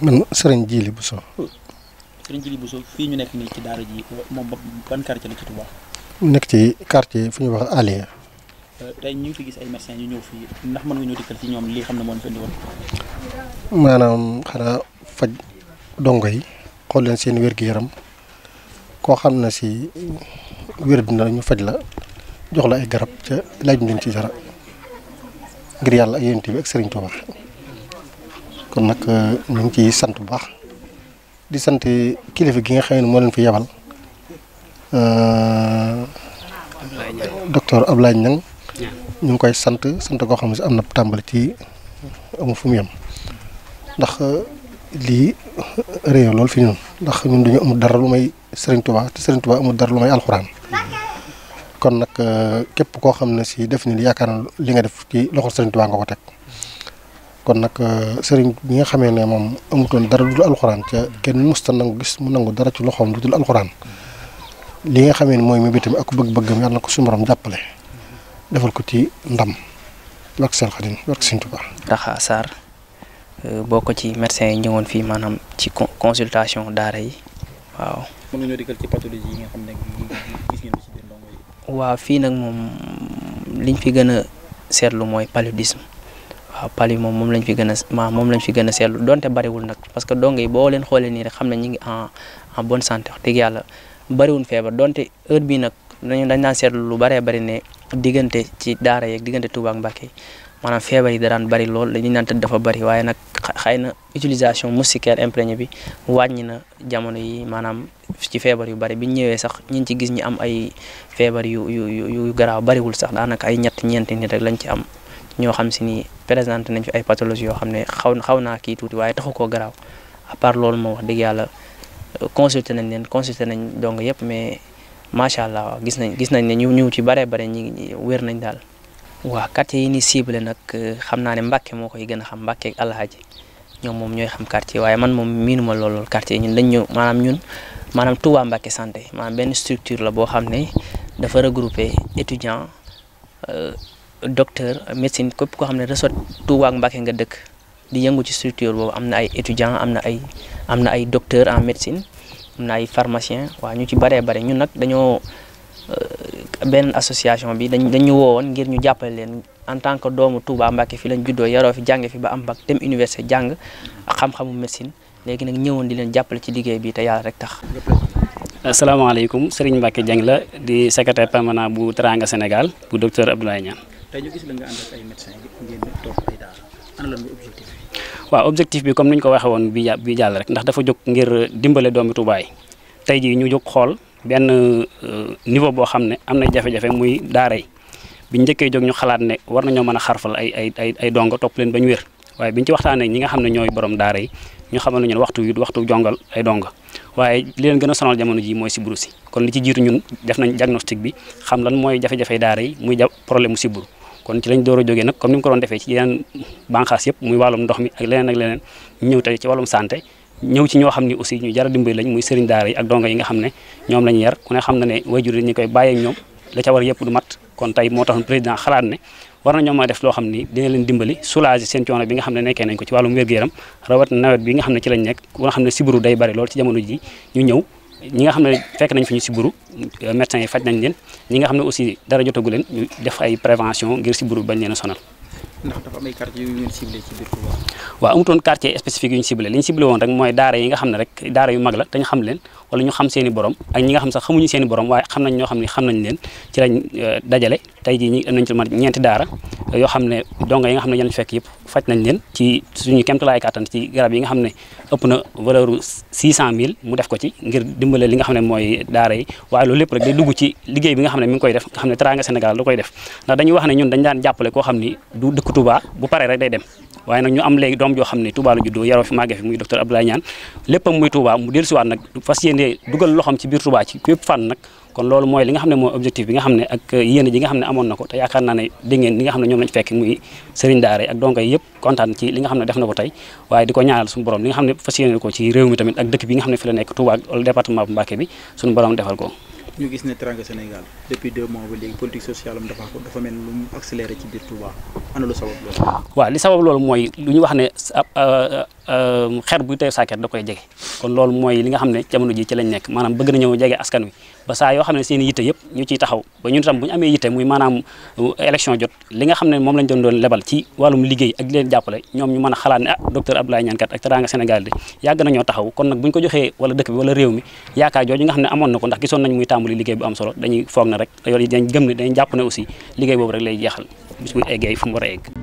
man sëriñ Jili buso sëriñ Jili Bousso fii ñu nekk nii ci daara ji moom ban quartier la ci Touba. nekk ci quartier fu ñuy wax Aliya. Euh, tey ñu ngi fi gis ay médecins yu ñëw fii ndax mën nga ñëw dikkal ci ñoom lii xam ne fi indi woon. maanaam xanaa faj dongo yi xool seen wér yaram dina ñu faj la jox la ay garab laaj ci dara ngir ak Touba. kon nag euh, ñu ngi ciy sant bu baax di sant kilifa gi nga xam ne moo leen fi yebal euh, docteur Ablaye Niang ñu ngi koy sant sant koo xam ne si am na tàmbali ci amu fu mu yem ndax euh, lii réew loolu fi ñun ndax ñun dañu amul dara lu may Serigne Touba te Serigne Touba amul dara lu may alxuraan kon nag képp koo xam ne si def ni yaakaar na li nga def ci loxo Serigne Touba nga ko teg. kon nak eh, sëriñ bi nga xamee ne moom amutoon dara dul alcorane ca kenn musta nang gis mu nangu dara ci loxom dul alcorane li nga xamé moy mi bitam ak bëgg-bëggam yalla ko sumaram jappalé defal ko ci ndam barke sel khadim barke sëriñ touba taxa sar eh, boko ci médecin yi ñëwoon fii ci consultation daara yi waaw mën ñu digal ci pathologie yi nga xamné gis ngeen ci biir waaw fii nag liñ fi gëna sétlu moy paludisme waaw pali moom moom lañ fi gën a ma moom lañ fi gën a seetlu donte bariwul nag parce que dong boo leen xoolee nii rek xam ne ñu ngi en en bonne santé wax dëgg bariwul feebar donte heure bii nag dañu dañ daan seetlu lu baree bari ne diggante ci daara yeeg diggante Touba ak Mbacké maanaam feebar yi da daan bari lool dañuy naan tëdd dafa bari waaye nag xay na utilisation moustiquaire imprégné bi wàññi na jamono yi maanaam ci feebar yu bari bi ñëwee sax ñi ci gis ñi am ay feebar yu yu yu garaaw bariwul sax daanaka ay ñett ñeenti nit rek lañ ci am ñoo xam si ni présenté nañ fi ay pathologie yoo xam ne xaw xaw naa kii tuuti waaye taxu ko garaaw a part loolu moom wax dëgg yàlla euh, consulté nañ leen consulté nañ dong yëpp mais macha allah gis nañ gis nañ ne ñu ñu ci baree bare ñi wér nañ daal. waa quartier yi ni ciblé nag euh, xam naa ne Mbàkke moo koy gën a xam Mbàkke ak Alaaji ñoom moom ñooy xam quartier waaye man moom miinuma loolu quartier ñun dañ ñëw maanaam ñun maanaam Touba Mbàkke santé maanaam benn structure la boo xam ne dafa regroupé étudiant euh, docteur médecine képp ko xam resort Touba ak Mbacké nga dëkk di yëngu ci structure bobu am ay étudiants am ay am ay docteur en médecine amna ay pharmacien wa ñu ci bare bare ñun nak dañoo euh, ben association bi dañ dañu woon ngir ñu jappal leen en tant que doomu Touba Mbacké fi lañ juddo yaro fi jànge fi ba am bac dem université jàng xam-xamu médecine légui nak ñëwoon di leen jappal ci liggéey bi te yàlla rek tax. alaykum Serigne Mbacké Dieng la di secrétaire permanent bu Teranga Sénégal bu docteur Abdoulaye tey ñu gis la nga ak ay médecin bi objectif bi comme niñ ko bi bi rek ndax dafa ngir dimbale doomi Touba yi tey jii ñu jóg xool benn euh, niveau bo xam ne am na jafe-jafe muy darai yi biñ njëkkee jóg ñu xalaat ne war nañoo mën a xarfal ay ay ay ay dongo topp leen ba ñu wér waaye biñ ci waxtaanee ñi nga xam ne borom daara ñu xamal ne waxtu wi waxtu jongal ay donga waaye li leen gën sonal jamono ji mooy siburu si kon li ci nyu ñun def nañ diagnostic bi xam lan mooy jafe-jafe darai muy problème mu kon ci lañ door a jógee nag comme ni mu ko doon defee ci yeneen banqaas yëpp muy wàllum ndox mi ak leneen ak leneen ñëw tey ci wàllum santé ñëw ci ñoo xam ne aussi ñu jara dimbali lañ muy sëriñ daara yi ak donga yi nga xam ne ñoom lañ yar ku ne xam na ne wayjur yi ñu koy bàyyeek ñoom la ca war yëpp du mat kon tey moo taxoon président xalaat ne war na ñoom ma def loo xam ni dina leen dimbali soulager seen coono bi nga xam ne nekkee nañ ko ci w wér-gu-yaram rawat nawet nekk ku nga xam ne sibiru day bari lool ci jamono ji ñu ñi nga xam ne fekk nañ fi ñu si siburu euh, médecins yi faj nañ leen ñi nga xam ne aussi dara jotagu leen ñu def ay prévention ngir siburu bañ leen a sonal. ndax dafa am ay quartier yu ñu ciblé ci biir Touba. waaw amutoon quartier spécifique ñu ciblé li woon rek mooy daara yi nga xam ne rek daara yu mag la te ñu xam leen wala ñu xam seen i borom ak ñi nga xam sax xamuñu seeni i borom waaye xam nañ ñoo xam ne xam nañ leen ci lañ euh, dajale tey jii ñi am nañ ci mën ñeenti daara yoo xam ne donga yi nga xam ne ñoo fekk yëpp faj nañ leen ci suñu kemtalaay kàttan ci garab yi nga xam ne ëpp na valeur bu mille mu def ko ci ngir dimbale li nga xam ne mooy daara yi waaye loolu lépp rek day liggéey bi nga xam ne mi ngi koy def nga xam ne Teranga Sénégal da koy def ndax dañuy wax ne ñun dañ daan jàppale koo xam ni du dëkk Touba bu paree rek day dem waaye nag ñu am léegi doom joo xam ne Touba la juddoo yaroo fi màggee fi muy docteur Abdoulaye Niane léppam muy Touba mu dellusiwaat nag fas yéene dugal loxoom ci biir Touba ci fépp fànn nag kon loolu mooy li nga xam ne mooy objectif bi nga xam ne ak uh, yéene ji nga xam ne amoon na ko te yaakaar naa ne dégg li nga xam ne ñoom lañ fekk muy sëriñ daara ak donga yi kontaan ci li nga xam ne def na ko tey waaye di ko ñaanal suñu borom li nga xam ne fas yéene ko ak dëkk bi nga xam ne ko ñu gis ne Teranga Sénégal depuis deux mois ba léegi politique sociale am dafa dafa mel lu mu accéléré ci biir Touba ana lu sabab Euh, xer buy tey sàkket da koy jege kon loolu mooy li nga xam ne jamono ji ci lañ nekk maanaam bëgg na ñëw jege askan wi ba saa yoo xam ne seen yitte yëpp ñu ciy taxaw ba ñun tam bu ñu amee yitte muy maanaam euh, élection jot li nga xam ne moom lañ doon doon lebal ci wàllum liggéey ak leen jàppale ñu a xalaat ne ah docteur Abdoulaye Niane kat ak Teranga Sénégal de yàgg na ñoo taxaw kon nag bu ñu ko joxee wala dëkk bi wala réew mi yaakaar jooju nga xam ne amoon na ko ndax gisoon nañ muy tàmbali liggéey bu am solo dañuy foog na rek dañ gëm ne dañ jàpp ne aussi liggéey boobu rek lay jeexal bu eggee fu mu war a